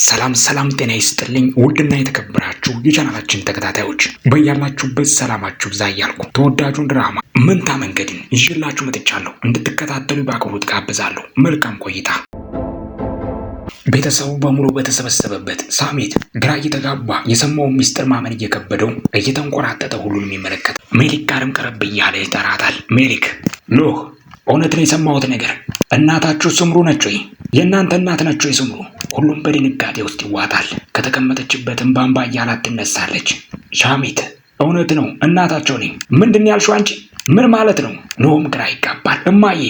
ሰላም ሰላም፣ ጤና ይስጥልኝ ውድና የተከበራችሁ የቻናላችን ተከታታዮች በያላችሁበት ሰላማችሁ ብዛ እያልኩ ተወዳጁን ድራማ መንታ መንገድን ይዤላችሁ መጥቻለሁ። እንድትከታተሉ በአክብሮት ጋብዛለሁ። መልካም ቆይታ። ቤተሰቡ በሙሉ በተሰበሰበበት ሳሜት ግራ እየተጋባ የሰማውን ምስጢር ማመን እየከበደው እየተንቆራጠጠ ሁሉንም ይመለከት ሜሊክ ጋርም ቀረብ እያለ ይጠራታል። ሜሊክ ኖህ እውነት ነው የሰማሁት ነገር። እናታችሁ ስምሩ ነች ወይ? የእናንተ እናት ነች ወይ ስምሩ? ሁሉም በድንጋጤ ውስጥ ይዋጣል። ከተቀመጠችበትም ባንባ እያላት ትነሳለች። ሻሚት እውነት ነው እናታቸው ነኝ። ምንድን ያልሽው አንቺ? ምን ማለት ነው? ኖም ግራ ይጋባል። እማዬ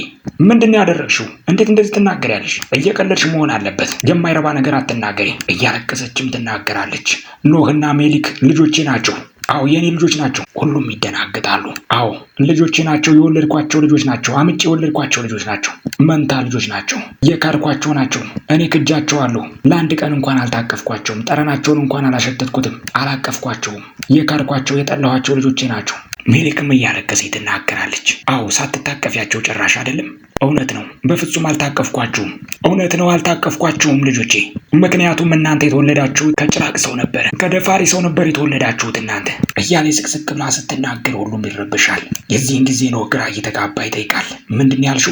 ምንድን ያደረግሽው? እንዴት እንደዚህ ትናገሪያለሽ? እየቀለድሽ መሆን አለበት። የማይረባ ነገር አትናገሪ። እያለቀሰችም ትናገራለች። ኖህና ሜሊክ ልጆቼ ናቸው አዎ የኔ ልጆች ናቸው። ሁሉም ይደናግጣሉ። አዎ ልጆቼ ናቸው፣ የወለድኳቸው ልጆች ናቸው፣ አምጭ የወለድኳቸው ልጆች ናቸው፣ መንታ ልጆች ናቸው፣ የካድኳቸው ናቸው። እኔ ክጃቸዋለሁ። ለአንድ ቀን እንኳን አልታቀፍኳቸውም፣ ጠረናቸውን እንኳን አላሸተትኩትም፣ አላቀፍኳቸውም። የካድኳቸው የጠላኋቸው ልጆቼ ናቸው። ሜሊክም እያለቀሰ ትናገራለች። አዎ ሳትታቀፊያቸው ጭራሽ አይደለም። እውነት ነው፣ በፍጹም አልታቀፍኳችሁም። እውነት ነው፣ አልታቀፍኳችሁም ልጆቼ። ምክንያቱም እናንተ የተወለዳችሁት ከጭራቅ ሰው ነበር፣ ከደፋሪ ሰው ነበር የተወለዳችሁት እናንተ እያለ ስቅስቅ ብላ ስትናገር ሁሉም ይረብሻል። የዚህን ጊዜ ነው ግራ እየተጋባ ይጠይቃል። ምንድን ያልሹ?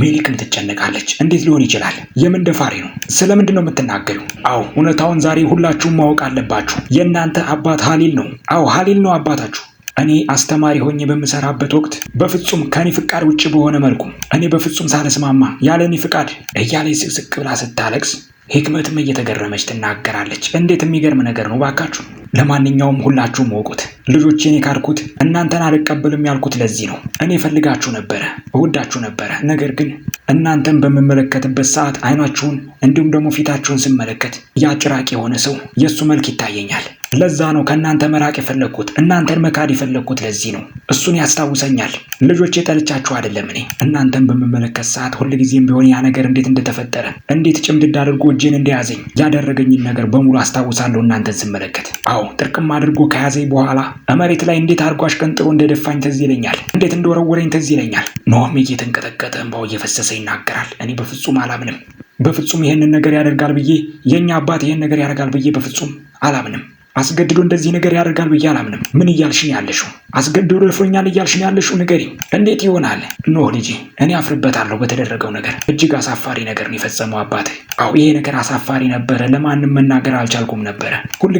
ሜሊክም ትጨነቃለች። እንዴት ሊሆን ይችላል? የምን ደፋሪ ነው? ስለምንድን ነው የምትናገሩ? አዎ እውነታውን ዛሬ ሁላችሁም ማወቅ አለባችሁ። የእናንተ አባት ሀሊል ነው። አዎ ሀሊል ነው አባታችሁ እኔ አስተማሪ ሆኜ በምሰራበት ወቅት በፍጹም ከኔ ፍቃድ ውጭ በሆነ መልኩ እኔ በፍጹም ሳልስማማ ያለ እኔ ፍቃድ እያለች ስቅስቅ ብላ ስታለቅስ ህክመትም እየተገረመች ትናገራለች። እንዴት የሚገርም ነገር ነው ባካችሁ! ለማንኛውም ሁላችሁም ወቁት። ልጆቼን የካድኩት እናንተን አልቀበልም ያልኩት ለዚህ ነው። እኔ ፈልጋችሁ ነበረ፣ እወዳችሁ ነበረ። ነገር ግን እናንተን በምመለከትበት ሰዓት አይናችሁን እንዲሁም ደግሞ ፊታችሁን ስመለከት ጭራቅ የሆነ ሰው የእሱ መልክ ይታየኛል። ለዛ ነው ከእናንተ መራቅ የፈለግኩት፣ እናንተን መካድ የፈለግኩት ለዚህ ነው። እሱን ያስታውሰኛል። ልጆቼ ጠልቻችሁ አይደለም። እኔ እናንተን በምመለከት ሰዓት ሁልጊዜም ቢሆን ያ ነገር እንዴት እንደተፈጠረ እንዴት ጭምድድ አድርጎ እጄን እንደያዘኝ ያደረገኝን ነገር በሙሉ አስታውሳለሁ እናንተን ስመለከት። አዎ ጥርቅም አድርጎ ከያዘኝ በኋላ መሬት ላይ እንዴት አድርጎ አሽቀንጥሮ እንደደፋኝ ትዝ ይለኛል። እንዴት እንደወረወረኝ ትዝ ይለኛል። ኖም እየተንቀጠቀጠ እንባው እየፈሰሰ ይናገራል። እኔ በፍጹም አላምንም፣ በፍጹም ይህንን ነገር ያደርጋል ብዬ የእኛ አባት ይህን ነገር ያደርጋል ብዬ በፍጹም አላምንም። አስገድዶ እንደዚህ ነገር ያደርጋል ብዬ አላምንም። ምን እያልሽን ያለሽው? አስገድዶ ደፍሮኛል እያልሽን ያለሽው ንገሪ፣ እንዴት ይሆናል? ኖህ ልጄ፣ እኔ አፍርበታለሁ በተደረገው ነገር። እጅግ አሳፋሪ ነገር ነው የፈጸመው አባትህ። አዎ ይሄ ነገር አሳፋሪ ነበረ። ለማንም መናገር አልቻልኩም ነበረ።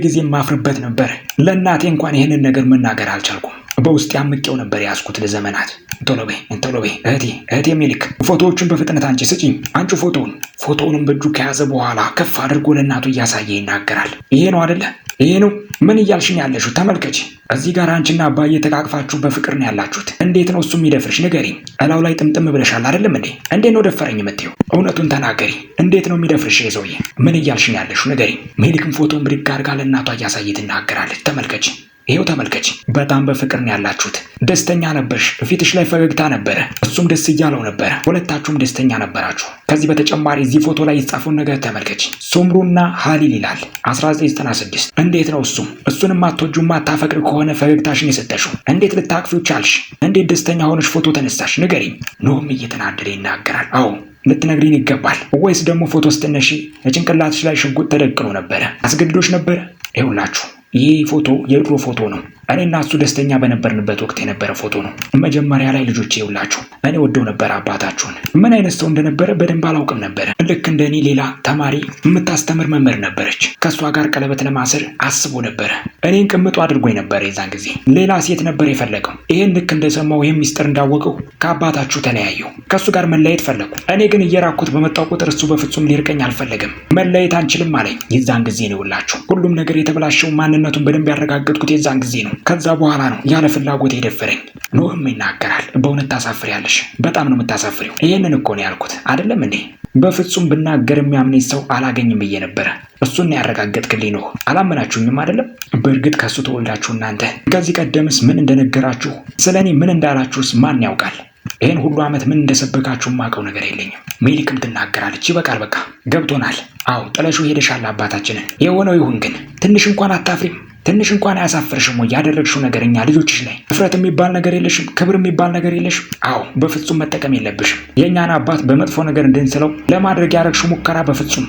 ጊዜ ማፍርበት ነበረ። ለእናቴ እንኳን ይህንን ነገር መናገር አልቻልኩም። በውስጥ ያምቄው ነበር ያዝኩት ለዘመናት። ቶሎ በይ ቶሎ በይ እህቴ እህቴ ሚልክ ፎቶዎቹን በፍጥነት አንቺ ስጪኝ። አንቺ ፎቶውን ፎቶውንም በእጁ ከያዘ በኋላ ከፍ አድርጎ ለእናቱ እያሳየ ይናገራል። ይሄ ነው አደለ ይሄ ነው? ምን እያልሽ ነው ያለሽው? ተመልከች፣ እዚህ ጋር አንቺና አባዬ ተቃቅፋችሁ በፍቅር ነው ያላችሁት። እንዴት ነው እሱ የሚደፍርሽ? ንገሪኝ። እላው ላይ ጥምጥም ብለሻል አይደለም እንዴ? እንዴት ነው ደፈረኝ የምትይው? እውነቱን ተናገሪ። እንዴት ነው የሚደፍርሽ ይሄ ሰውዬ? ምን እያልሽ ነው ያለሽው? ሜሊክም ፎቶን ብድግ አድርጋ ለእናቷ እያሳየ ትናገራለች። ተመልከች ይሄው ተመልከች። በጣም በፍቅር ነው ያላችሁት። ደስተኛ ነበርሽ፣ ፊትሽ ላይ ፈገግታ ነበረ፣ እሱም ደስ እያለው ነበረ። ሁለታችሁም ደስተኛ ነበራችሁ። ከዚህ በተጨማሪ እዚህ ፎቶ ላይ የተጻፈውን ነገር ተመልከች። ሶምሩና ሀሊል ይላል 1996። እንዴት ነው እሱም እሱንም አትወጂውም አታፈቅሪ ከሆነ ፈገግታሽን የሰጠሽው እንዴት ልታቅፊው ቻልሽ? እንዴት ደስተኛ ሆነሽ ፎቶ ተነሳሽ? ንገሪኝ። ኖም እየተናደደ ይናገራል። አዎ ልትነግሪን ይገባል። ወይስ ደግሞ ፎቶ ስትነሺ ጭንቅላትሽ ላይ ሽጉጥ ተደቅኖ ነበረ? አስገድዶሽ ነበረ? ይኸውላችሁ ይህ ፎቶ የድሮ ፎቶ ነው። እኔና እሱ ደስተኛ በነበርንበት ወቅት የነበረ ፎቶ ነው። መጀመሪያ ላይ ልጆቼ ይውላችሁ እኔ ወደው ነበር አባታችሁን። ምን አይነት ሰው እንደነበረ በደንብ አላውቅም ነበረ። ልክ እንደ እኔ ሌላ ተማሪ የምታስተምር መምህር ነበረች። ከእሷ ጋር ቀለበት ለማሰር አስቦ ነበረ። እኔን ቅምጦ አድርጎ ነበረ። የዛን ጊዜ ሌላ ሴት ነበር የፈለገው። ይህን ልክ እንደሰማው ይህም ሚስጥር እንዳወቀው ከአባታችሁ ተለያየው። ከእሱ ጋር መለየት ፈለጉ። እኔ ግን እየራኩት በመጣው ቁጥር እሱ በፍጹም ሊርቀኝ አልፈለገም። መለየት አንችልም አለኝ። የዛን ጊዜ ነው ይውላችሁ ሁሉም ነገር የተበላሸው ማንነቱን በደንብ ያረጋገጥኩት የዛን ጊዜ ነው። ከዛ በኋላ ነው ያለ ፍላጎት የደፈረኝ ኖህም ይናገራል። በእውነት ታሳፍሪያለሽ፣ በጣም ነው የምታሳፍሪው። ይህንን እኮ ነው ያልኩት አይደለም እንዴ? በፍጹም ብናገር የሚያምነኝ ሰው አላገኝም ብዬ ነበረ። እሱን ያረጋገጥክልኝ ነው። አላመናችሁኝም አይደለም? በእርግጥ ከእሱ ተወልዳችሁ እናንተ ከዚህ ቀደምስ ምን እንደነገራችሁ ስለ እኔ ምን እንዳላችሁስ ማን ያውቃል? ይህን ሁሉ ዓመት ምን እንደሰበካችሁ የማውቀው ነገር የለኝም። ሜሊክም ትናገራለች። ይበቃል፣ በቃ ገብቶናል። አዎ ጥለሹ ሄደሻል አባታችንን። የሆነው ይሁን ግን ትንሽ እንኳን አታፍሪም? ትንሽ እንኳን አያሳፍርሽም ወይ? ያደረግሽው ነገር እኛ ልጆችሽ ላይ እፍረት የሚባል ነገር የለሽም፣ ክብር የሚባል ነገር የለሽም። አዎ በፍጹም መጠቀም የለብሽም። የእኛን አባት በመጥፎ ነገር እንድንስለው ለማድረግ ያደረግሽው ሙከራ በፍጹም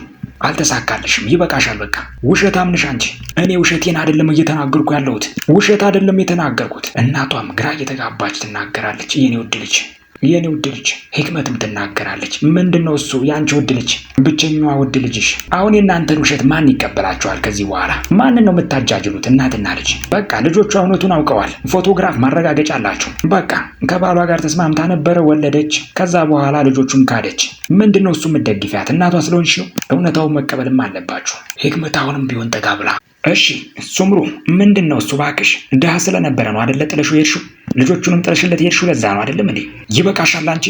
አልተሳካልሽም። ይበቃሻል። በቃ ውሸታም ነሽ አንቺ። እኔ ውሸቴን አይደለም እየተናገርኩ ያለሁት፣ ውሸት አይደለም የተናገርኩት። እናቷም ግራ እየተጋባች ትናገራለች። የኔ ውድ ልጅ የኔ ውድ ልጅ ህክመትም ትናገራለች። ምንድን ነው እሱ የአንቺ ውድ ልጅ፣ ብቸኛዋ ውድ ልጅሽ። አሁን የእናንተን ውሸት ማን ይቀበላችኋል? ከዚህ በኋላ ማንን ነው የምታጃጅሉት? እናትና ልጅ። በቃ ልጆቿ እውነቱን አውቀዋል። ፎቶግራፍ ማረጋገጫ አላቸው። በቃ ከባሏ ጋር ተስማምታ ነበረ፣ ወለደች። ከዛ በኋላ ልጆቹን ካደች። ምንድን ነው እሱ የምትደግፊያት? እናቷ ስለሆንሽ ነው። እውነታውን መቀበልም አለባችሁ። ህክመት አሁንም ቢሆን ጠጋ ብላ እሺ ሱምሩ ምንድን ነው እሱ? እባክሽ ድሀ ስለነበረ ነው አደለ ጥለሹ የሄድሽው? ልጆቹንም ጥለሽለት የሄድሽው ለዛ ነው አደለም እንዴ? ይበቃሻል አንቺ።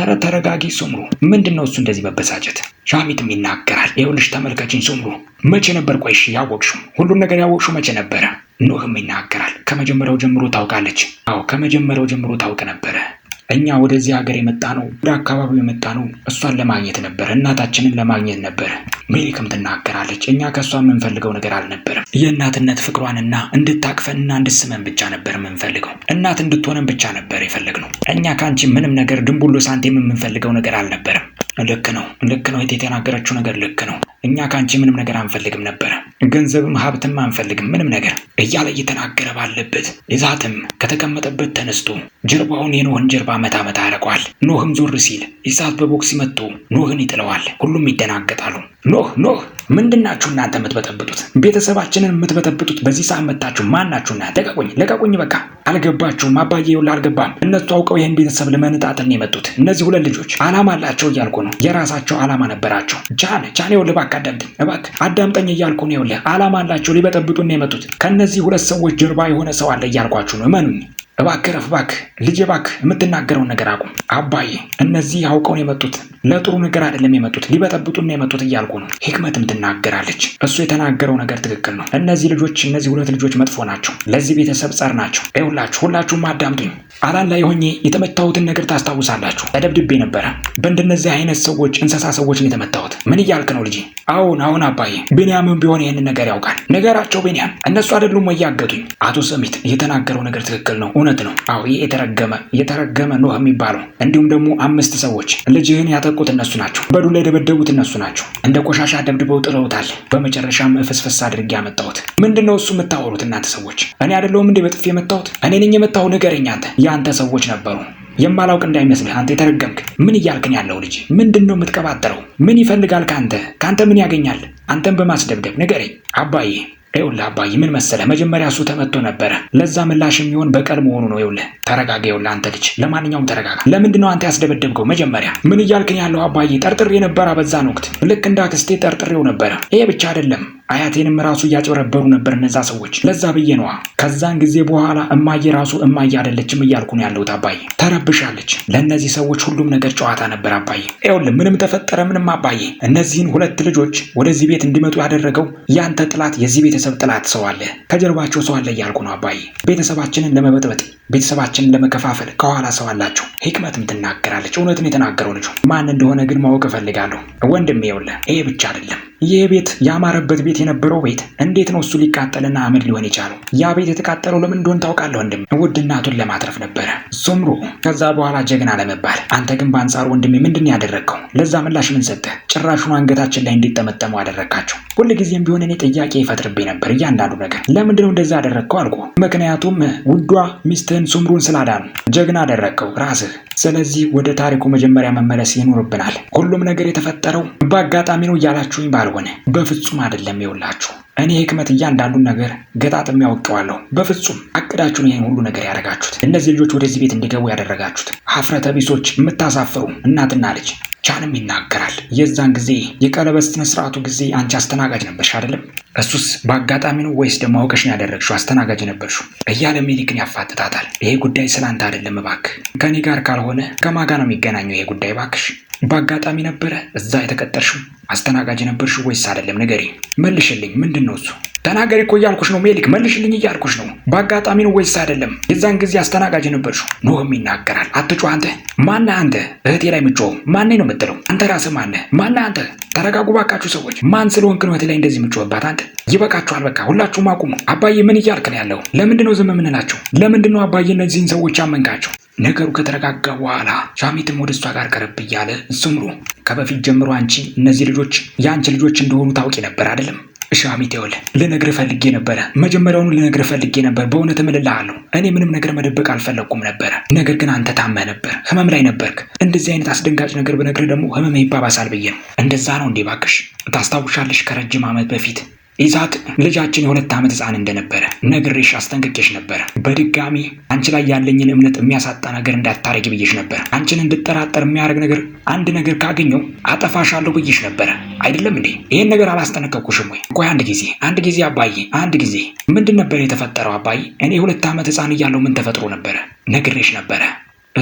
እረ ተረጋጊ ሱምሩ። ምንድን ነው እሱ እንደዚህ መበሳጨት? ሻሚትም ይናገራል። ይኸውልሽ ተመልከችኝ ሱምሩ፣ መቼ ነበር ቆይሽ ያወቅሽው? ሁሉን ነገር ያወቅሽው መቼ ነበረ? ኖህም ይናገራል። ከመጀመሪያው ጀምሮ ታውቃለች። አዎ ከመጀመሪያው ጀምሮ ታውቅ ነበረ እኛ ወደዚህ ሀገር የመጣ ነው፣ ወደ አካባቢው የመጣ ነው እሷን ለማግኘት ነበር፣ እናታችንን ለማግኘት ነበር። ሜሪክም ትናገራለች፣ እኛ ከእሷ የምንፈልገው ነገር አልነበረም። የእናትነት ፍቅሯንና እንድታቅፈንና እንድስመን ብቻ ነበር የምንፈልገው። እናት እንድትሆነን ብቻ ነበር የፈለግነው። እኛ ከአንቺ ምንም ነገር ድንቡሎ ሳንቲም የምንፈልገው ነገር አልነበረም። ልክ ነው፣ ልክ ነው። የተናገረችው ነገር ልክ ነው። እኛ ከአንቺ ምንም ነገር አንፈልግም ነበረ፣ ገንዘብም ሀብትም አንፈልግም፣ ምንም ነገር እያለ እየተናገረ ባለበት ይዛትም ከተቀመጠበት ተነስቶ ጀርባውን የኖህን ጀርባ መታ መታ ያደርገዋል። ኖህም ዞር ሲል ይዛት በቦክስ መጥቶ ኖህን ይጥለዋል። ሁሉም ይደናገጣሉ። ኖህ ኖህ፣ ምንድናችሁ እናንተ የምትበጠብጡት? ቤተሰባችንን የምትበጠብጡት በዚህ ሰዓት መታችሁ እናንተ? ለቀቁኝ፣ ለቀቁኝ፣ በቃ አልገባችሁም? አባዬ ይኸውልህ፣ አልገባም። እነሱ አውቀው ይህን ቤተሰብ ለመነጣጠል ነው የመጡት። እነዚህ ሁለት ልጆች አላማ አላቸው እያልኩ ነው። የራሳቸው አላማ ነበራቸው። ጃን ጃን፣ ይኸውልህ እባክህ አዳምጠኝ፣ እባክህ አዳምጠኝ እያልኩ ነው። ይኸውልህ አላማ አላቸው። ሊበጠብጡን የመጡት። ከእነዚህ ሁለት ሰዎች ጀርባ የሆነ ሰው አለ እያልኳችሁ ነው። እመኑኝ። እባክህ ረፍ እባክህ ልጄ እባክህ የምትናገረውን ነገር አቁም። አባዬ እነዚህ አውቀውን የመጡት ለጥሩ ነገር አይደለም የመጡት ሊበጠብጡን ነው የመጡት እያልኩ ነው። ህክመትም ትናገራለች። እሱ የተናገረው ነገር ትክክል ነው። እነዚህ ልጆች እነዚህ ሁለት ልጆች መጥፎ ናቸው። ለዚህ ቤተሰብ ጸር ናቸው። ሁላችሁ ሁላችሁም አዳምጡኝ። አላን ላይ ሆኜ የተመታሁትን ነገር ታስታውሳላችሁ። ተደብድቤ ነበረ። በእንደነዚህ አይነት ሰዎች እንስሳ ሰዎች ነው የተመታሁት። ምን እያልክ ነው ልጄ? አሁን አሁን አባዬ ቢንያምም ቢሆን ይህንን ነገር ያውቃል። ነገራቸው ቤንያም፣ እነሱ አይደሉም ወይ ያገቱኝ? አቶ ሰሚት የተናገረው ነገር ትክክል ነው እውነት እውነት ነው። አዎ ይህ የተረገመ የተረገመ ኖህ የሚባለው እንዲሁም ደግሞ አምስት ሰዎች ልጅህን ያጠቁት እነሱ ናቸው። በዱላ የደበደቡት እነሱ ናቸው። እንደ ቆሻሻ ደብድበው ጥለውታል። በመጨረሻም ፍስፍስ አድርጌ ያመጣሁት ምንድን ነው እሱ የምታወሩት እናንተ ሰዎች? እኔ አይደለሁም እንዴ በጥፊ የመታሁት? እኔ ነኝ የመታሁ ንገረኝ። አንተ የአንተ ሰዎች ነበሩ የማላውቅ እንዳይመስልህ አንተ የተረገምክ። ምን እያልክን ያለው ልጅ ምንድን ነው ምን ይፈልጋል ከአንተ? ከአንተ ምን ያገኛል? አንተን በማስደብደብ ንገረኝ አባዬ። ይኸውልህ አባዬ ምን መሰለህ መጀመሪያ እሱ ተመቶ ነበረ። ለዛ ምላሽ የሚሆን በቀል መሆኑ ነው። ይኸውልህ ተረጋጋ። ይኸውልህ አንተ ልጅ ለማንኛውም ተረጋጋ። ለምንድን ነው አንተ ያስደበደብከው? መጀመሪያ ምን እያልክን ያለው አባዬ ጠርጥሬ ነበረ። በዛን ወቅት ልክ እንደ አክስቴ ጠርጥሬው ነበረ። ይሄ ብቻ አይደለም አያቴንም ራሱ እያጭበረበሩ ነበር እነዛ ሰዎች። ለዛ ብዬ ነዋ። ከዛን ጊዜ በኋላ እማዬ ራሱ እማዬ አይደለችም እያልኩ ነው ያለሁት አባዬ። ተረብሻለች። ለእነዚህ ሰዎች ሁሉም ነገር ጨዋታ ነበር አባዬ። ይኸውልህ ምንም ተፈጠረ ምንም አባዬ፣ እነዚህን ሁለት ልጆች ወደዚህ ቤት እንዲመጡ ያደረገው ያንተ ጥላት፣ የዚህ ቤተሰብ ጥላት ሰው አለ፣ ከጀርባቸው ሰው አለ እያልኩ ነው አባዬ። ቤተሰባችንን ለመበጥበጥ ቤተሰባችንን ለመከፋፈል ከኋላ ሰው አላቸው። ህክመትም ትናገራለች። እውነትን የተናገረው ልጁ ማን እንደሆነ ግን ማወቅ እፈልጋለሁ ወንድም። ይኸውልህ ይሄ ብቻ አይደለም ይህ ቤት ያማረበት ቤት የነበረው ቤት እንዴት ነው እሱ ሊቃጠልና አመድ ሊሆን የቻለው? ያ ቤት የተቃጠለው ለምን እንደሆን ታውቃለህ ወንድም? ውድ እናቱን ለማትረፍ ነበረ። ሱምሩ ከዛ በኋላ ጀግና ለመባል። አንተ ግን በአንጻሩ ወንድሜ ምንድን ያደረግከው? ለዛ ምላሽ ምን ሰጠህ? ጭራሹን አንገታችን ላይ እንዲጠመጠመው አደረግካቸው። ሁልጊዜም ቢሆን እኔ ጥያቄ ይፈጥርብኝ ነበር እያንዳንዱ ነገር። ለምንድነው እንደዛ ያደረግከው አልኩ። ምክንያቱም ውዷ ሚስትህን ሱምሩን ስላዳኑ ጀግና አደረግከው ራስህ ስለዚህ ወደ ታሪኩ መጀመሪያ መመለስ ይኖርብናል። ሁሉም ነገር የተፈጠረው በአጋጣሚ ነው እያላችሁኝ ባልሆነ በፍጹም አይደለም። ይውላችሁ እኔ ህክመት እያንዳንዱን ነገር ገጣጥሜ አውቀዋለሁ። በፍጹም አቅዳችሁን ይህን ሁሉ ነገር ያደረጋችሁት እነዚህ ልጆች ወደዚህ ቤት እንዲገቡ ያደረጋችሁት ሀፍረተ ቢሶች፣ የምታሳፍሩ እናትና ልጅ። ቻንም ይናገራል። የዛን ጊዜ የቀለበት ስነ ስርዓቱ ጊዜ አንቺ አስተናጋጅ ነበርሽ አይደለም? እሱስ በአጋጣሚ ነው ወይስ ደግሞ አውቀሽ ነው ያደረግሽው? አስተናጋጅ ነበርሽው እያለ ሜሊክን ያፋጥጣታል። ይሄ ጉዳይ ስላንተ አይደለም እባክህ። ከኔ ጋር ካልሆነ ከማጋ ነው የሚገናኘው ይሄ ጉዳይ እባክሽ በአጋጣሚ ነበረ እዛ የተቀጠርሽው? አስተናጋጅ ነበርሽ ወይስ አይደለም? ንገሪ፣ መልሽልኝ። ምንድን ነው እሱ? ተናገሪ እኮ እያልኩሽ ነው ሜሊክ፣ መልሽልኝ እያልኩሽ ነው። በአጋጣሚ ነው ወይስ አይደለም? የዛን ጊዜ አስተናጋጅ የነበርሽው? ኖህም ይናገራል። አትጮ አንተ። ማነህ አንተ? እህቴ ላይ የምትጮኸው ማነኝ ነው የምትለው? አንተ ራስህ ማነህ? ማነህ አንተ? ተረጋጉ ባካችሁ ሰዎች። ማን ስለሆንክ ነው እህቴ ላይ እንደዚህ የምትጮህባት? አንተ ይበቃችኋል፣ በቃ ሁላችሁም አቁሙ። አባዬ ምን እያልክ ነው ያለው? ለምንድን ነው ዝም የምንላቸው? ለምንድን ነው አባዬ እነዚህን ሰዎች አመንካቸው? ነገሩ ከተረጋጋ በኋላ ሻሚትም ወደ እሷ ጋር ቀረብ እያለ ስምሩ፣ ከበፊት ጀምሮ አንቺ እነዚህ ልጆች የአንቺ ልጆች እንደሆኑ ታውቂ ነበር አይደለም? ሻሚት ይወል ልነግርህ ፈልጌ ነበረ። መጀመሪያውኑ ልነግርህ ፈልጌ ነበር። በእውነት እምልልሃለሁ፣ እኔ ምንም ነገር መደበቅ አልፈለግኩም ነበረ። ነገር ግን አንተ ታመህ ነበር፣ ህመም ላይ ነበርክ። እንደዚህ አይነት አስደንጋጭ ነገር ብነግርህ ደግሞ ህመም ይባባሳል ብዬ ነው። እንደዛ ነው እንዴ? እባክሽ ታስታውሻለሽ? ከረጅም ዓመት በፊት ይስሐቅ ልጃችን የሁለት ዓመት ህፃን እንደነበረ ነግሬሽ አስጠንቅቄሽ ነበር። በድጋሚ አንቺ ላይ ያለኝን እምነት የሚያሳጣ ነገር እንዳታረጊ ብዬሽ ነበር። አንቺን እንድጠራጠር የሚያደርግ ነገር አንድ ነገር ካገኘው አጠፋሻለሁ ብዬሽ ነበረ አይደለም እንዴ? ይህን ነገር አላስጠነቀቅኩሽም ወይ? ቆይ አንድ ጊዜ አንድ ጊዜ አባዬ፣ አንድ ጊዜ ምንድን ነበር የተፈጠረው አባዬ? እኔ የሁለት ዓመት ህፃን እያለሁ ምን ተፈጥሮ ነበረ? ነግሬሽ ነበረ።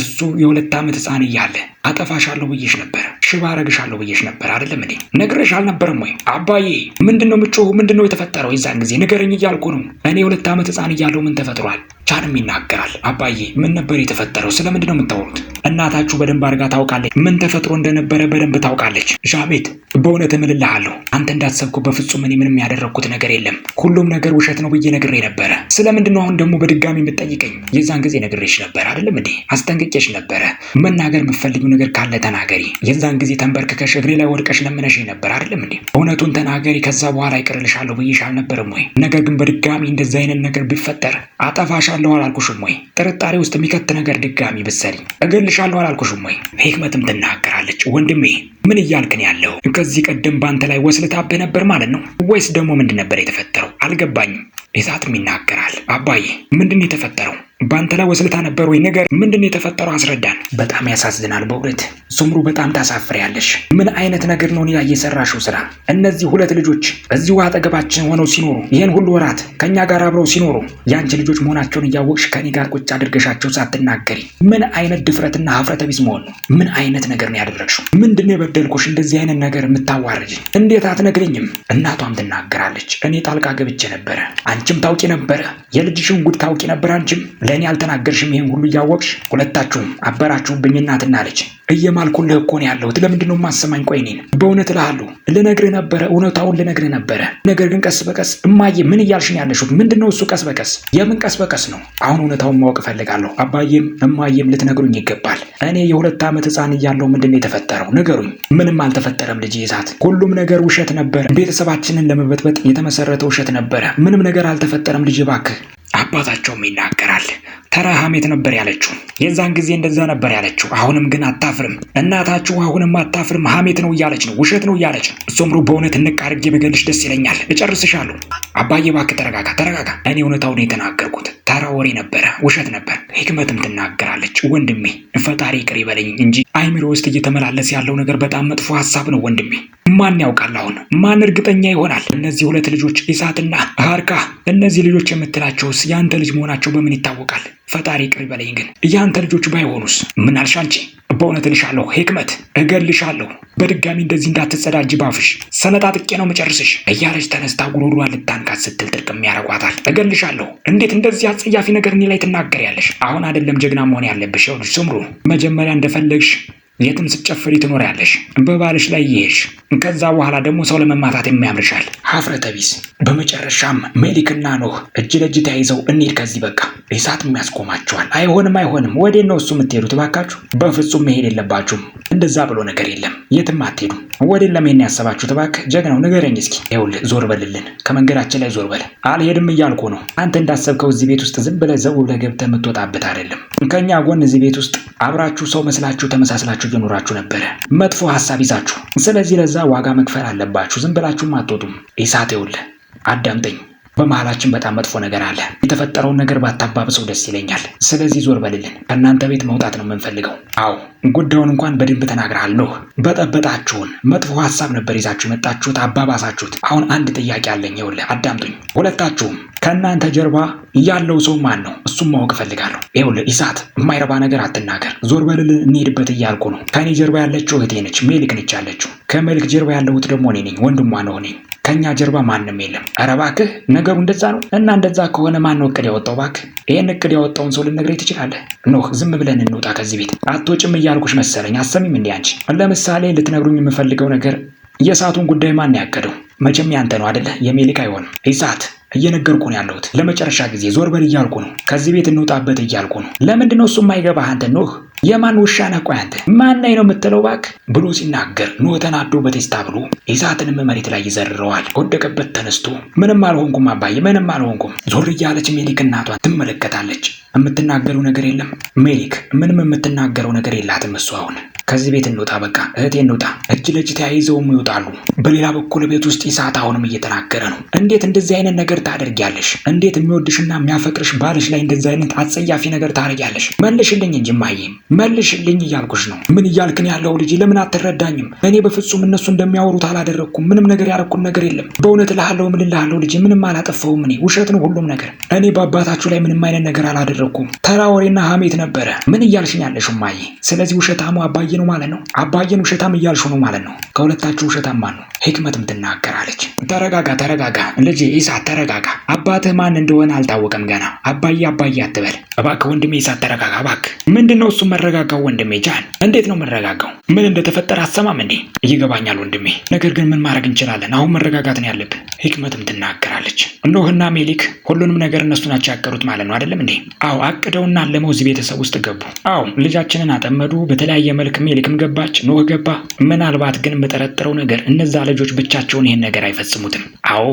እሱ የሁለት ዓመት ህፃን እያለ አጠፋሻለሁ ብዬሽ ነበር። ሽባ አረግሻለሁ ብዬሽ ነበር አይደለም እንዴ? ነግረሽ አልነበረም ወይ? አባዬ ምንድን ነው የምጮሁ? ምንድን ነው የተፈጠረው? የዛን ጊዜ ንገረኝ እያልኩ ነው። እኔ ሁለት ዓመት ህፃን እያለሁ ምን ተፈጥሯል? ቻንም ይናገራል። አባዬ ምን ነበር የተፈጠረው? ስለምንድን ነው የምታወሩት? እናታችሁ በደንብ አድርጋ ታውቃለች። ምን ተፈጥሮ እንደነበረ በደንብ ታውቃለች። ዣቤት በእውነት እምልልሃለሁ፣ አንተ እንዳትሰብከው በፍጹም እኔ ምንም ያደረግኩት ነገር የለም። ሁሉም ነገር ውሸት ነው ብዬ ነግሬ ነበረ። ስለምንድን ነው አሁን ደግሞ በድጋሚ የምጠይቀኝ የዛን ጊዜ ነግሬሽ ነበር አይደለም እንዴ? አስጠንቅቄሽ ነበረ። መናገር የምትፈልጊው ነገር ካለ ተናገሪ። የዛን ጊዜ ተንበርክከሽ እግሬ ላይ ወድቀሽ ለምነሽ ነበር አይደለም እንዴ? እውነቱን ተናገሪ፣ ከዛ በኋላ ይቅርልሻለሁ ብዬሽ አልነበረም ወይ? ነገር ግን በድጋሚ እንደዚህ አይነት ነገር ቢፈጠር አጠፋሻ እገልሻለሁ አላልኩሽም ወይ? ጥርጣሬ ውስጥ የሚከት ነገር ድጋሚ ብትሰሪኝ እገልሻለሁ አላልኩሽም ወይ? ህክመትም ትናገራለች። ወንድሜ ምን እያልክን ያለው ከዚህ ቀደም በአንተ ላይ ወስልታብህ ነበር ማለት ነው ወይስ ደግሞ ምንድን ነበር የተፈጠረው? አልገባኝም። ኢሳትም ይናገራል። አባዬ ምንድን የተፈጠረው? ባንተ ላይ ወስልታ ነበር ወይ? ነገር ምንድን የተፈጠረው? አስረዳን። በጣም ያሳዝናል በእውነት ሱምሩ፣ በጣም ታሳፍሪያለሽ። ምን አይነት ነገር ነው እኔ እየሰራሽው ስራ? እነዚህ ሁለት ልጆች እዚሁ አጠገባችን ሆነው ሲኖሩ፣ ይህን ሁሉ ወራት ከእኛ ጋር አብረው ሲኖሩ፣ የአንቺ ልጆች መሆናቸውን እያወቅሽ ከኔ ጋር ቁጭ አድርገሻቸው ሳትናገሪ፣ ምን አይነት ድፍረትና ሀፍረተ ቢስ መሆን ነው? ምን አይነት ነገር ነው ያደረግሽው? ምንድን የበደልኩሽ? እንደዚህ አይነት ነገር የምታዋረጅ እንዴት አትነግሪኝም? እናቷም ትናገራለች። እኔ ጣልቃ ገብቼ ነበረ። አንቺም ታውቂ ነበረ። የልጅሽን ጉድ ታውቂ ነበር አንቺም ለእኔ አልተናገርሽም ይህን ሁሉ እያወቅሽ ሁለታችሁም አበራችሁብኝ እናትና ልጅ እየማልኩልህ እኮ ነው ያለሁት ለምንድን ነው የማሰማኝ ቆይ እኔን በእውነት እልሃለሁ ልነግርህ ነበረ እውነታውን ልነግርህ ነበረ ነገር ግን ቀስ በቀስ እማዬ ምን እያልሽ ነው ያለሽው ምንድን ነው እሱ ቀስ በቀስ የምን ቀስ በቀስ ነው አሁን እውነታውን ማወቅ እፈልጋለሁ አባዬም እማዬም ልትነግሩኝ ይገባል እኔ የሁለት ዓመት ህፃን እያለሁ ምንድን ነው የተፈጠረው ንገሩኝ ምንም አልተፈጠረም ልጅ ይዛት ሁሉም ነገር ውሸት ነበረ ቤተሰባችንን ለመበጥበጥ የተመሰረተ ውሸት ነበረ ምንም ነገር አልተፈጠረም ልጅ እባክህ Apadachominacral. ተራ ሐሜት ነበር ያለችው። የዛን ጊዜ እንደዛ ነበር ያለችው። አሁንም ግን አታፍርም። እናታችሁ አሁንም አታፍርም። ሐሜት ነው እያለች ነው፣ ውሸት ነው እያለች ነው። እሶምሩ በእውነት እንቃርጌ አድርጌ ብገልሽ ደስ ይለኛል። እጨርስሻለሁ። አባዬ እባክህ ተረጋጋ፣ ተረጋጋ። እኔ እውነታውን የተናገርኩት ተራ ወሬ ነበረ፣ ውሸት ነበር። ህክመትም ትናገራለች። ወንድሜ ፈጣሪ ቅር ይበለኝ እንጂ አይምሮ ውስጥ እየተመላለስ ያለው ነገር በጣም መጥፎ ሀሳብ ነው ወንድሜ። ማን ያውቃል? አሁን ማን እርግጠኛ ይሆናል? እነዚህ ሁለት ልጆች ኢሳትና ሀርካ፣ እነዚህ ልጆች የምትላቸውስ የአንተ ልጅ መሆናቸው በምን ይታወቃል? ፈጣሪ ቅር በለኝ። ግን እያንተ ልጆቹ ባይሆኑስ ምን አልሽ አንቺ? በእውነት እልሻለሁ ሂክመት፣ እገልሻለሁ። በድጋሚ እንደዚህ እንዳትጸዳጅ ባፍሽ ሰነጣጥቄ ነው መጨርስሽ እያለች ተነስታ ጉሮሯን ልታንቃት ስትል ጥርቅም ያረጓታል። እገልሻለሁ፣ እንዴት እንደዚህ አጸያፊ ነገር እኔ ላይ ትናገሪያለሽ? አሁን አይደለም ጀግና መሆን ያለብሽ። ይኸውልሽ ስምሩ፣ መጀመሪያ እንደፈለግሽ የትም ስትጨፍሪ ትኖሪያለሽ በባልሽ ላይ ይሄሽ። ከዛ በኋላ ደግሞ ሰው ለመማታት የሚያምርሻል። ሀፍረተ ቢስ። በመጨረሻም ሜሊክና ኖህ እጅ ለእጅ ተያይዘው እንሂድ ከዚህ በቃ እሳት የሚያስቆማቸዋል። አይሆንም፣ አይሆንም። ወዴት ነው እሱ የምትሄዱት? እባካችሁ በፍጹም መሄድ የለባችሁም። እንደዛ ብሎ ነገር የለም። የትም አትሄዱም። ወዴት ለመሄድ ያሰባችሁት? እባክህ ጀግናው ንገረኝ እስኪ። ይኸውልህ ዞር በልልን፣ ከመንገዳችን ላይ ዞር በል። አልሄድም እያልኩ ነው። አንተ እንዳሰብከው እዚህ ቤት ውስጥ ዝም ብለህ ዘው ብለህ ገብተህ የምትወጣበት አይደለም። ከእኛ ጎን እዚህ ቤት ውስጥ አብራችሁ ሰው መስላችሁ ተመሳስላችሁ ኖራችሁ ነበረ፣ መጥፎ ሀሳብ ይዛችሁ። ስለዚህ ለዛ ዋጋ መክፈል አለባችሁ። ዝም ብላችሁም አትወጡም። ኢሳት ይኸውልህ፣ አዳምጠኝ በመሃላችን በጣም መጥፎ ነገር አለ። የተፈጠረውን ነገር ባታባብሰው ደስ ይለኛል። ስለዚህ ዞር በልልን። ከእናንተ ቤት መውጣት ነው የምንፈልገው። አዎ ጉዳዩን እንኳን በደንብ ተናግራለሁ በጠበጣችሁን፣ መጥፎ ሀሳብ ነበር ይዛችሁ የመጣችሁት፣ አባባሳችሁት። አሁን አንድ ጥያቄ አለኝ። ይኸውልህ፣ አዳምጡኝ ሁለታችሁም። ከእናንተ ጀርባ ያለው ሰው ማን ነው? እሱም ማወቅ እፈልጋለሁ። ይኸውልህ ይሳት የማይረባ ነገር አትናገር። ዞር በልል፣ እንሄድበት እያልኩ ነው። ከእኔ ጀርባ ያለችው እህቴ ነች፣ ሜልክ ነች ያለችው። ከሜሊክ ጀርባ ያለሁት ደግሞ እኔ ነኝ፣ ወንድሟ ነው እኔ ከኛ ጀርባ ማንም የለም። ኧረ እባክህ ነገሩ እንደዛ ነው እና እንደዛ ከሆነ ማነው እቅድ ያወጣው? እባክህ ይህን እቅድ ያወጣውን ሰው ልነግረኝ ትችላለህ? ኖህ ዝም ብለን እንውጣ ከዚህ ቤት። አትወጭም እያልኩሽ መሰለኝ። አሰሚም እንዲ አንቺ ለምሳሌ ልትነግሩኝ የምፈልገው ነገር የእሳቱን ጉዳይ ማን ያቀደው? መቼም ያንተ ነው አደለ? የሚልክ አይሆንም። ይሳት እየነገርኩ ነው ያለሁት ለመጨረሻ ጊዜ ዞር በል እያልኩ ነው። ከዚህ ቤት እንውጣበት እያልኩ ነው። ለምንድነው እሱ የማይገባህ አንተ ኖህ? የማን ውሻ ነህ? ቆይ አንተ ነው የምትለው እባክህ ብሎ ሲናገር ኖህ ተናዶ በቴስታ ብሎ ይዛትንም መሬት ላይ ይዘርረዋል። ከወደቀበት ተነስቶ ምንም አልሆንኩም አባዬ፣ ምንም አልሆንኩም። ዞር እያለች ሜሊክ እናቷን ትመለከታለች። የምትናገረው ነገር የለም ሜሊክ ምንም የምትናገረው ነገር የላትም። እሱ አሁን ከዚህ ቤት እንውጣ፣ በቃ እህቴ እንውጣ። እጅ ለእጅ ተያይዘውም ይወጣሉ። በሌላ በኩል ቤት ውስጥ ይሳት አሁንም እየተናገረ ነው። እንዴት እንደዚህ አይነት ነገር ታደርጊያለሽ? እንዴት የሚወድሽና የሚያፈቅርሽ ባልሽ ላይ እንደዚህ አይነት አጸያፊ ነገር ታደርጊያለሽ? መልሽልኝ እንጂ እማዬ፣ መልሽልኝ እያልኩሽ ነው። ምን እያልክን ያለው ልጅ ለምን አትረዳኝም? እኔ በፍጹም እነሱ እንደሚያወሩት አላደረግኩም። ምንም ነገር ያደረግኩት ነገር የለም። በእውነት እልሃለሁ፣ ምን እልሃለሁ ልጅ፣ ምንም አላጠፋሁም። እኔ ውሸት ነው ሁሉም ነገር። እኔ በአባታችሁ ላይ ምንም አይነት ነገር አላደረግኩም። ተራ ወሬና ሀሜት ነበረ። ምን እያልሽኝ ያለሽ እማዬ? ስለዚህ ውሸታሙ አባዬ ነው ማለት ነው። አባዬን ውሸታም እያልሹ ነው ማለት ነው። ከሁለታችሁ ውሸታም ማን ነው? ህክመትም ትናገራለች። ተረጋጋ፣ ተረጋጋ ልጄ ኢሳት ተረጋጋ። አባትህ ማን እንደሆነ አልታወቀም ገና። አባዬ አባዬ አትበል እባክህ ወንድሜ ኢሳት ተረጋጋ እባክህ። ምንድነው እሱ መረጋጋው? ወንድሜ ጃን እንዴት ነው መረጋጋው? ምን እንደተፈጠረ አሰማም እንዴ? ይገባኛል ወንድሜ፣ ነገር ግን ምን ማድረግ እንችላለን? አሁን ነው ያለብ ህክመትም ትናገራለች። ኖህና ሜሊክ ሁሉንም ነገር እነሱ ናቸው ያቀሩት ማለት ነው አይደለም እንዴ? አዎ አቅደውና አለመው እዚህ ቤተሰብ ውስጥ ገቡ። አዎ ልጃችንን አጠመዱ። በተለያየ መልክ ሜልክም ገባች፣ ኖህ ገባ። ምናልባት ግን የምጠረጥረው ነገር እነዛ ልጆች ብቻቸውን ይህን ነገር አይፈጽሙትም። አዎ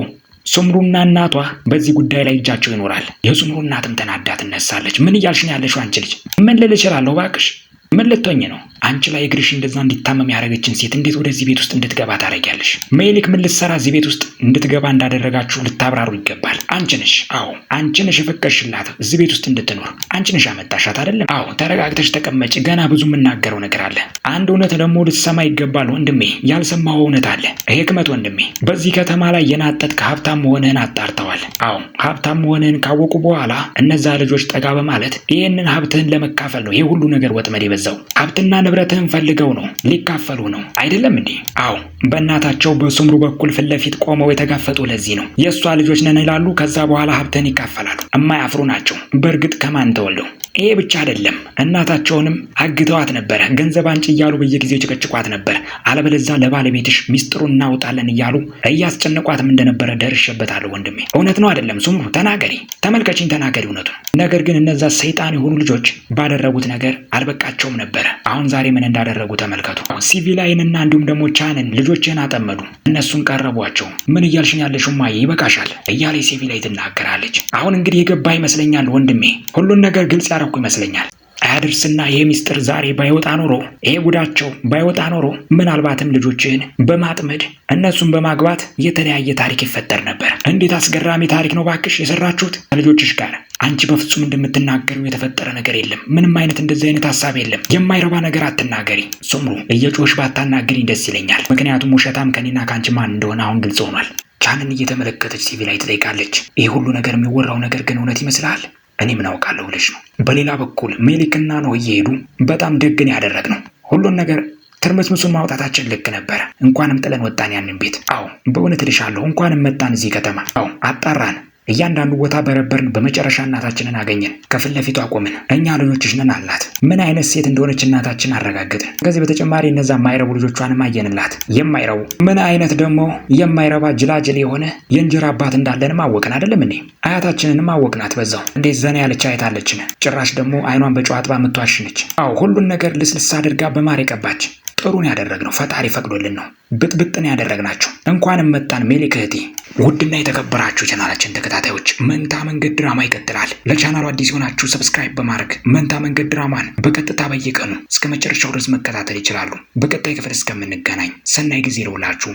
ሱምሩና እናቷ በዚህ ጉዳይ ላይ እጃቸው ይኖራል። የሱምሩ እናትም ተናዳ ትነሳለች። ምን እያልሽ ነው ያለሽው? አንቺ ልጅ ምን ልል እችላለሁ እባክሽ ምን ልትሆኝ ነው? አንቺ ላይ እግርሽ እንደዛ እንዲታመም ያደረገችን ሴት እንዴት ወደዚህ ቤት ውስጥ እንድትገባ ታደርጊያለሽ? ሜሊክ ምን ልትሰራ እዚህ ቤት ውስጥ እንድትገባ እንዳደረጋችሁ ልታብራሩ ይገባል። አንቺ ነሽ፣ አዎ አንቺ ነሽ የፈቀድሽላት እዚህ ቤት ውስጥ እንድትኖር። አንቺ ነሽ ያመጣሻት አይደለም? አዎ። ተረጋግተሽ ተቀመጭ፣ ገና ብዙ የምናገረው ነገር አለ። አንድ እውነት ደግሞ ልትሰማ ይገባል ወንድሜ፣ ያልሰማው እውነት አለ። ህክመት ወንድሜ፣ በዚህ ከተማ ላይ የናጠጥክ ሀብታም መሆንህን አጣርተዋል። አዎ ሀብታም መሆንህን ካወቁ በኋላ እነዛ ልጆች ጠጋ በማለት ይህንን ሀብትህን ለመካፈል ነው ይሄ ሁሉ ነገር ወጥመድ ያበዛው። ሀብትና ንብረትህን ፈልገው ነው፣ ሊካፈሉ ነው አይደለም እንዴ? አዎ፣ በእናታቸው በሱምሩ በኩል ፊት ለፊት ቆመው የተጋፈጡ ለዚህ ነው። የእሷ ልጆች ነን ይላሉ። ከዛ በኋላ ሀብትህን ይካፈላሉ። እማያፍሩ ናቸው። በእርግጥ ከማን ተወልደው ይሄ ብቻ አይደለም፣ እናታቸውንም አግተዋት ነበረ። ገንዘብ አንጭ እያሉ በየጊዜው ጭቅጭቋት ነበር። አለበለዚያ ለባለቤትሽ ሚስጥሩን እናውጣለን እያሉ እያስጨነቋትም እንደነበረ ደርሼበታለሁ ወንድሜ። እውነት ነው አይደለም? ስሙ ተናገሪ፣ ተመልከችኝ፣ ተናገሪ ተመልከችኝ ተናገሪ እውነቱ ነገር ግን እነዛ ሰይጣን የሆኑ ልጆች ባደረጉት ነገር አልበቃቸውም ነበረ። አሁን ዛሬ ምን እንዳደረጉ ተመልከቱ። ሲቪላይንና እንዲሁም ደግሞ ቻንን ልጆችህን አጠመዱ፣ እነሱን ቀረቧቸው። ምን እያልሽን ያለሽ ማየ ይበቃሻል እያለ ሲቪላይ ትናገራለች። አሁን እንግዲህ የገባ ይመስለኛል ወንድሜ ሁሉን ነገር ግልጽ ያረ የተጠነቀቁ ይመስለኛል። አያድርስና ይሄ ሚስጥር ዛሬ ባይወጣ ኖሮ ይሄ ጉዳቸው ባይወጣ ኖሮ ምናልባትም ልጆችህን በማጥመድ እነሱን በማግባት የተለያየ ታሪክ ይፈጠር ነበር። እንዴት አስገራሚ ታሪክ ነው ባክሽ የሰራችሁት ከልጆችሽ ጋር። አንቺ በፍጹም እንደምትናገሪው የተፈጠረ ነገር የለም። ምንም አይነት እንደዚህ አይነት ሀሳብ የለም። የማይረባ ነገር አትናገሪ ሱምሩ። እየጮሽ ባታናገሪ ደስ ይለኛል። ምክንያቱም ውሸታም ከኔና ከአንቺ ማን እንደሆነ አሁን ግልጽ ሆኗል። ቻንን እየተመለከተች ሲቪ ላይ ትጠይቃለች። ይህ ሁሉ ነገር የሚወራው ነገር ግን እውነት ይመስልሃል? እኔ ምን አውቃለሁ ብለሽ ነው። በሌላ በኩል ሜሊክና ነው እየሄዱ በጣም ደግን ያደረግ ነው ሁሉን ነገር ትርምስምሱን ማውጣታችን ልክ ነበረ። እንኳንም ጥለን ወጣን ያንን ቤት። አዎ በእውነት ልሻለሁ። እንኳንም መጣን እዚህ ከተማ። አዎ አጣራን እያንዳንዱ ቦታ በረበርን። በመጨረሻ እናታችንን አገኘን። ከፊት ለፊቱ አቆምን። እኛ ልጆችሽ ነን አላት። ምን አይነት ሴት እንደሆነች እናታችን አረጋግጥን። ከዚህ በተጨማሪ እነዛ የማይረቡ ልጆቿንም አየንላት። የማይረቡ ምን አይነት ደግሞ የማይረባ ጅላጅል የሆነ የእንጀራ አባት እንዳለንም አወቅን። አይደለም እኔ አያታችንንም አወቅናት። በዛው እንዴት ዘና ያለች አየታለችን። ጭራሽ ደግሞ አይኗን በጨዋጥባ የምትዋሽ አዎ ሁሉን ነገር ልስልስ አድርጋ በማር የቀባች ጥሩን ያደረግነው ፈጣሪ ፈቅዶልን ነው። ብጥብጥን ያደረግናቸው እንኳንም መጣን። ሜሊክ እህቴ፣ ውድና የተከበራችሁ ቻናላችን ተከታታዮች መንታ መንገድ ድራማ ይቀጥላል። ለቻናሉ አዲስ የሆናችሁ ሰብስክራይብ በማድረግ መንታ መንገድ ድራማን በቀጥታ በየቀኑ እስከ መጨረሻው ድረስ መከታተል ይችላሉ። በቀጣይ ክፍል እስከምንገናኝ ሰናይ ጊዜ ይለውላችሁ።